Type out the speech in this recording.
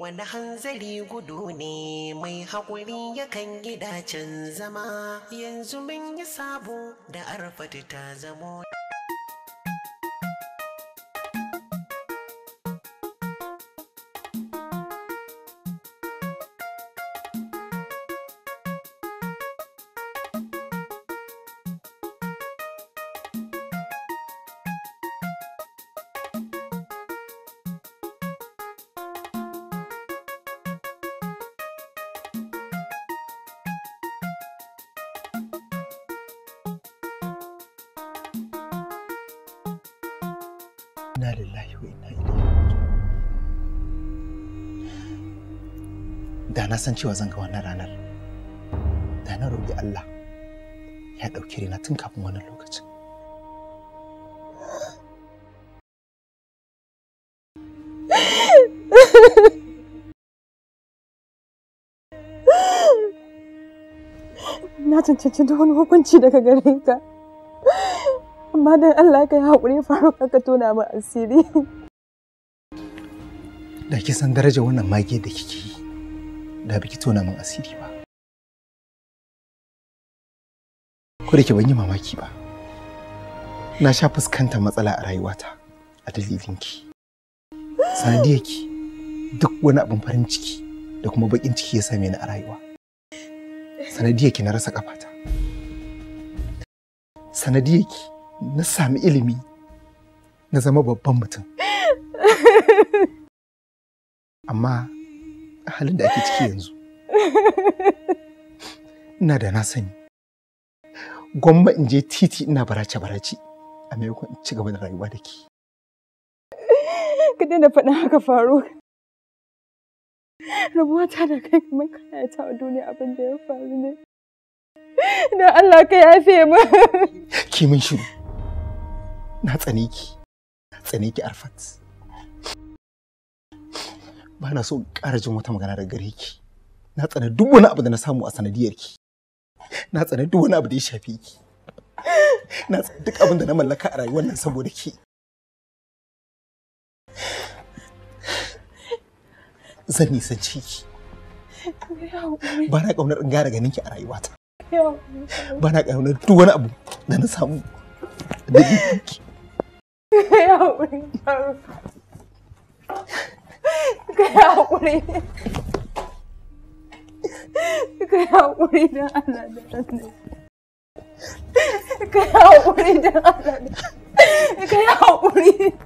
Wani hanzari gudu ne mai haƙuri ya yakan gidacen zama yanzu mun yi sabo da arfati ta zamo. Inna lillahi wa inna ilaihi Da na san cewa zan ga wannan ranar. Da na roƙi Allah ya ɗauki rina tun kafin wannan lokacin. Na cancanci da wani hukunci daga gare ka. amma dan Allah ka yi haƙuri faru ka tona min asiri da ki san daraja wannan mage da kike yi da biki tona min asiri ba ko da ke ban yi mamaki ba na sha fuskantar matsala a rayuwata a dalilinki sanadiyarki duk wani abin farin ciki da kuma bakin ciki ya same ni a rayuwa sanadiyarki na rasa kafata sanadiyarki na sami ilimi na zama babban mutum amma halin da ake ciki yanzu ina da na sani gwamma in je titi ina barace-barace a maimakon ci gaba da rayuwa da ke ka daina faɗin haka faru ta da kai kamar kana ta duniya abin ya faru ne don Allah ka yafe mu ki mun shiru na tsane ki na tsane ki arfat ba na so in ƙara jin wata magana daga gare ki na tsane duk wani abu da na samu a sanadiyar ki na tsane duk wani abu da ya shafe ki na tsane duk abin da na mallaka a rayuwar nan saboda ki zan nisanci ki ba na ƙaunar in gara ganin ki a rayuwata ba na ƙaunar duk wani abu da na samu da ki Kai haƙuri faru. Kai da Allah. Kai haƙuri don Allah da Kai haƙuri.